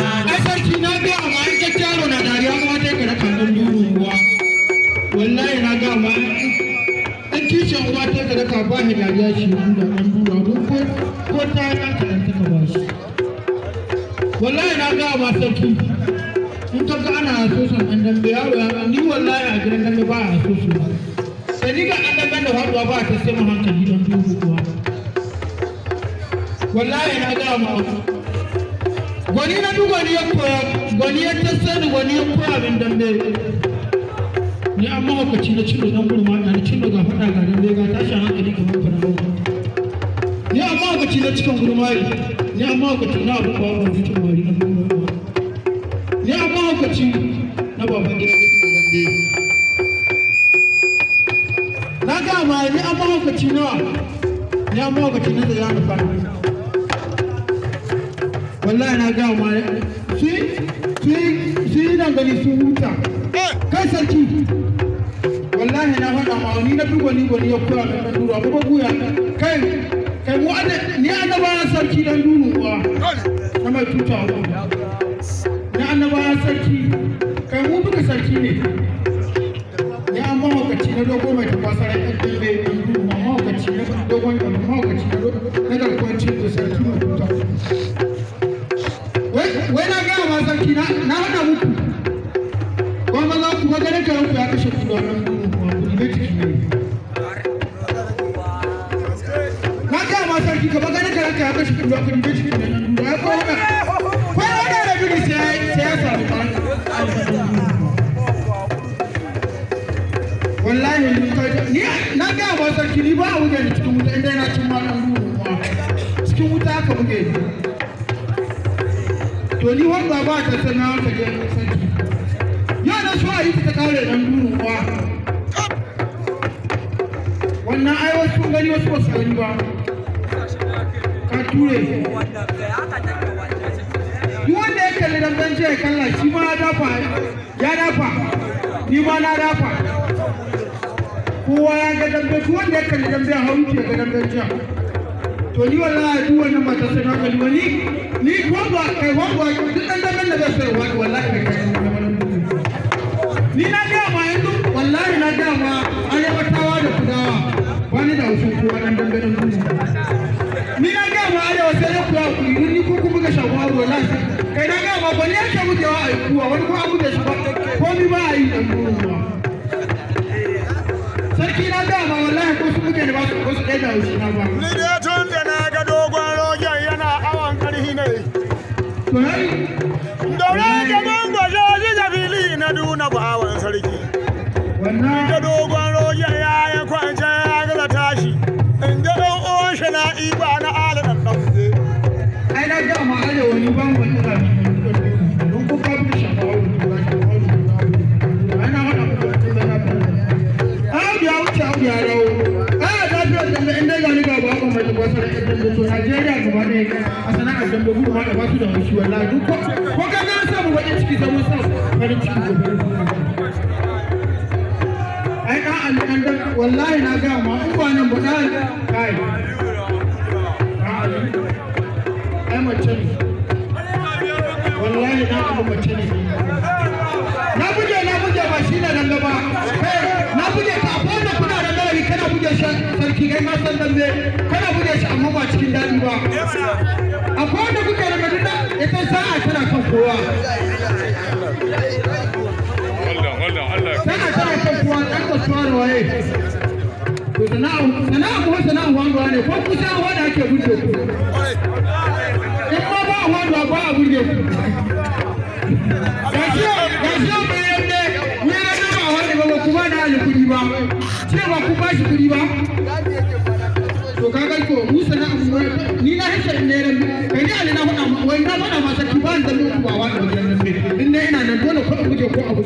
ke sarki na ga ma in ka yaro na dariya kuma ta ka raka dan duru uwa wallahi na ga ma in kishin uwa ta ka raka ba ni dariya shi da dan dura ko ko ta ka ka dan ta ba shi wallahi na ga ma sarki in ka ga ana so san dan dan yaro ni wallahi a gidan dan ba a so su sai ni ga dan dan da faduwa ba ta sai mu hankali don duhun uwa wallahi na ga ma Goni na duk gwani ya koya ya tasa ni gwani ya abin min dambe ni an mawakaci na cin dan gurma da cin ga faɗa ga dambe ga tashin hankali kamar fara ni an mawakaci na cikin gurma ni an mawakaci na abin bawa mai cikin wari na gurma ni an mawakaci na baban gida cikin dambe na ga gama ni an mawakaci na ni an mawakaci na da ya fara. wallahi na ga ma shi shi shi nan gani sun huta kai sarki wallahi na faɗa ma ni na duba ni gwani ya kura da dan duro abubuwa guya kai kai mu an ni annaba sarki dan duro wa na mai tuta wa ni annaba sarki kai mu duka sarki ne ni an mahaukaci na dogo mai tafasar ɗan dambe ɗan duro mahaukaci na dogon mahaukaci na garkuwar cikin sarki mai bishkin ba bishkin da nan ba ko ba ko wanda da bini sai sai ya samu ba wallahi ni ka ni na ga ba ni ba wuce ni cikin wuta inda na cin malam cikin wuta ka buge to ni wanda ba ta ka je sarki yau na a yi ta kare dan ruwa wannan ai wasu gani wasu ba su gani ba ture duk wanda ya kalli ya kalla shi ma ya dafa ya dafa ni ma na dafa kowa ya ga dambe duk wanda ya kalli ya hau ke ga dambe jiya to ni wallahi duk wannan mata sai na kalli ni ni ko ba kai ko ba duk dan dambe da zai sai wallahi kai kai ni na ga ma yanzu wallahi na ga ma arewatawa da kudawa wani da wasu kowa dan dambe dan duniya ni na ga kai ba ne yake wucewa a kuwa wani ba a sarki na da ba wallahi ko su muke ne ba su ko su da na ba mai wasu da yan dambe Najeriya gaba ne a sana'ar dambe gudu ma da basu da wasu wallahi duk ko ko ka na samu wani ciki da mun farin ciki da farin ai da an dan wallahi na ga ma in ba nan ba ɗaya kai ki kai ma san dambe kana buɗe shi amma ba cikin daɗi ba akwai wanda kuka da madina ita sa'a tana kan kowa tana tana kan kowa ɗan kasuwa da waye to sana'an sana'an ko sana'an wanduwa ne ko kusa wanda ake buɗe ku in ma ba wanduwa ba a buɗe ku gashi gashi ba ku ba shi kuɗi ba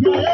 Yeah.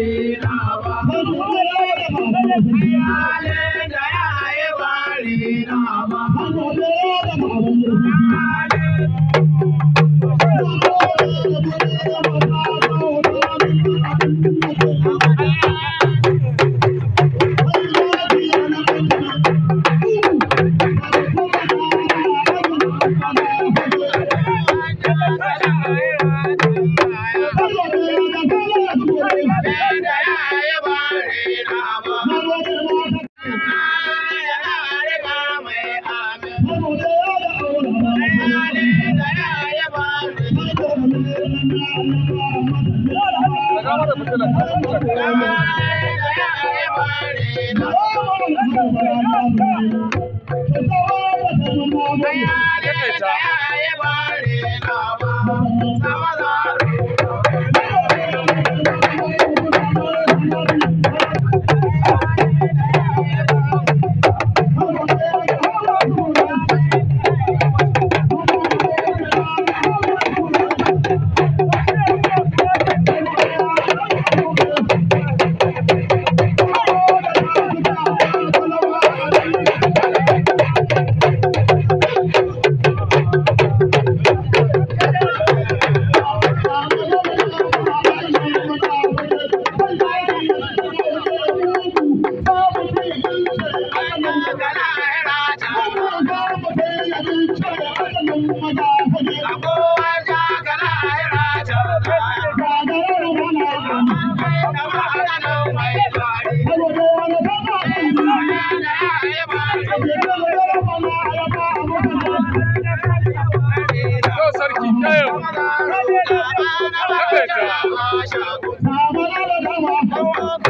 Thank you. Thank you.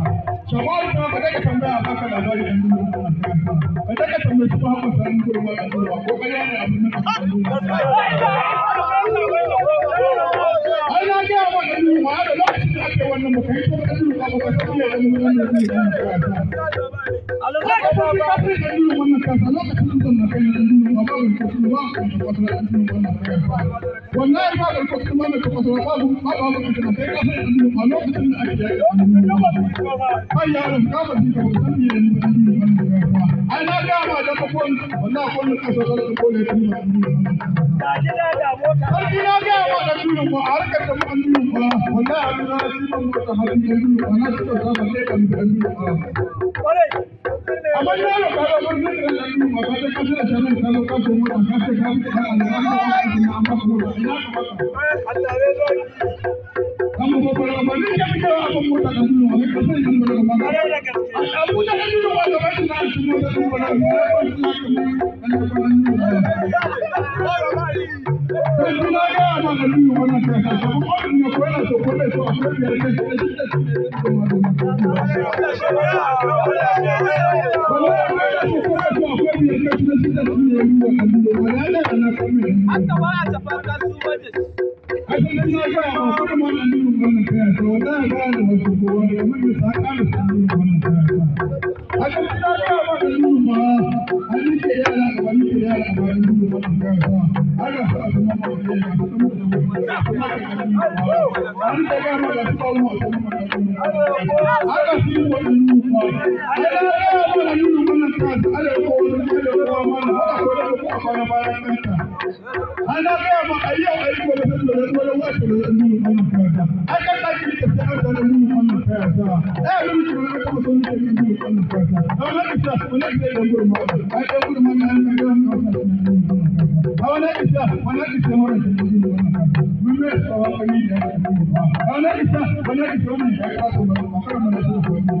Jama'ar ta ka daga tambaya ba ka labari ɗan dubu ko a cikin ka. a zuwa ko da ka wannan ba ka ba wannan ka fi ɗan dubu wannan sababu mkutano da unapata lazima kwa sababu wallahi bado mkutano wako kwa sababu baba wako tunapenda sana ndio kwa da tuna ajali haya kama da kokon wallahi kwa nini kasa kala ko le da tuna ko harkar da mun yi ko wallahi ana shi ban da hadin yi ko da zama ne kan da yi ko amma ne ka ga mun da yi ba da da sanin Yeah. haka ba a tafar da su budget ga su ana gaya ma a yau a yi gobe da tsoron tsoron wasu da zan nuna wannan kayata a kan ɗaki da tafi an zana nuna wannan kayata a yi nuna tsoron aka maso nuna yin nuna wannan kayata a wani isa wani isa idan gurin ma a yi ɗan gurin ma na an kaga wani kawasa da nuna wannan kayata a wani isa wani isa mara da nuna wannan kayata mun bai tsawa kani da ya nuna ba a wani isa wani isa wani ya yi ba ko ba a kan mana tsoron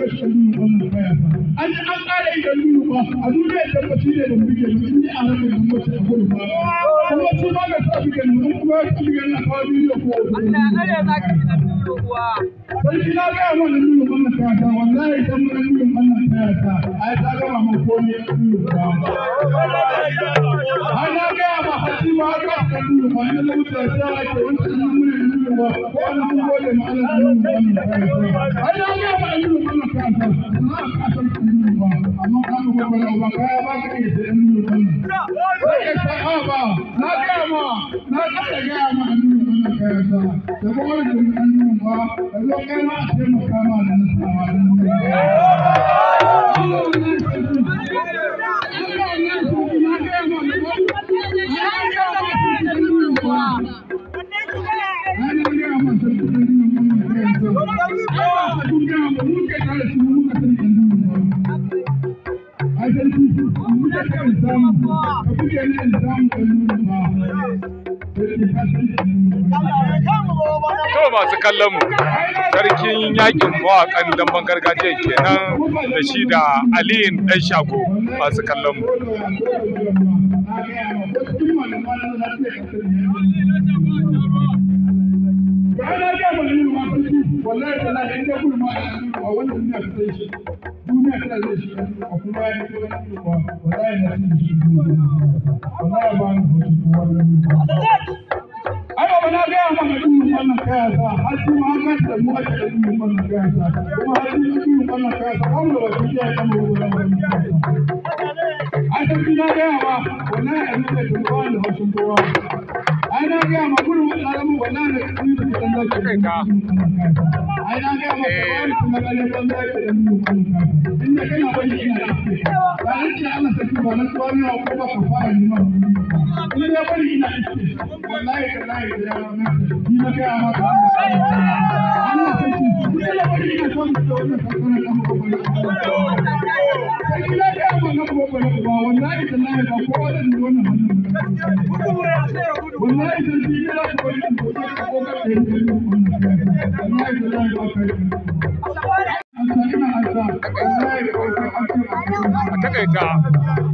kashe wannan baya an an ba a duniyar ne da muke da a ranar da a gudu ba kuma su ba ga sa kuma ne kawo ko ka ji dalilin kuwa sai shi na ga mun dalilin wannan ta ta ta mun ba ana gaya ma ma ba ko an kun gode ma Allah ba ai da Allah ba ta ko ba da mun ya ma ma ba ma kallon sarkin yakin mawakan damban gargajiya kenan da shi da aliyin dan shago masu kallon mu wallahi tana da inda kuma a wannan duniya ta sai shi duniya ta sai shi a kuma ya ce wani kuma wallahi na sai shi wallahi ba ni hoto ko wannan ai ba na gaya ma da wannan kaya sa har su ma ga da mu da yin wannan kaya sa kuma har su yin wannan kaya sa kuma ba su ya kama wannan kaya sa ai sai na ga ma wannan abin da kuma wannan hausin kowa ai na gaya ma kurin wata alamun wallahi da su da kusan zaki kai ai na gaya ma kawai su maganin ban zaki da su in da kana bani ina da ba ni ina Allah sarki ba na tsawon yawa ko ba ka fara ni ma ina da bani ina wallahi wallahi da yawa na ni na gaya ma ka Allah sarki ina da bani ina son da wannan sarki na kuma sarki na gaya ma na kuma ba wallahi tallahi ba ko wannan takaita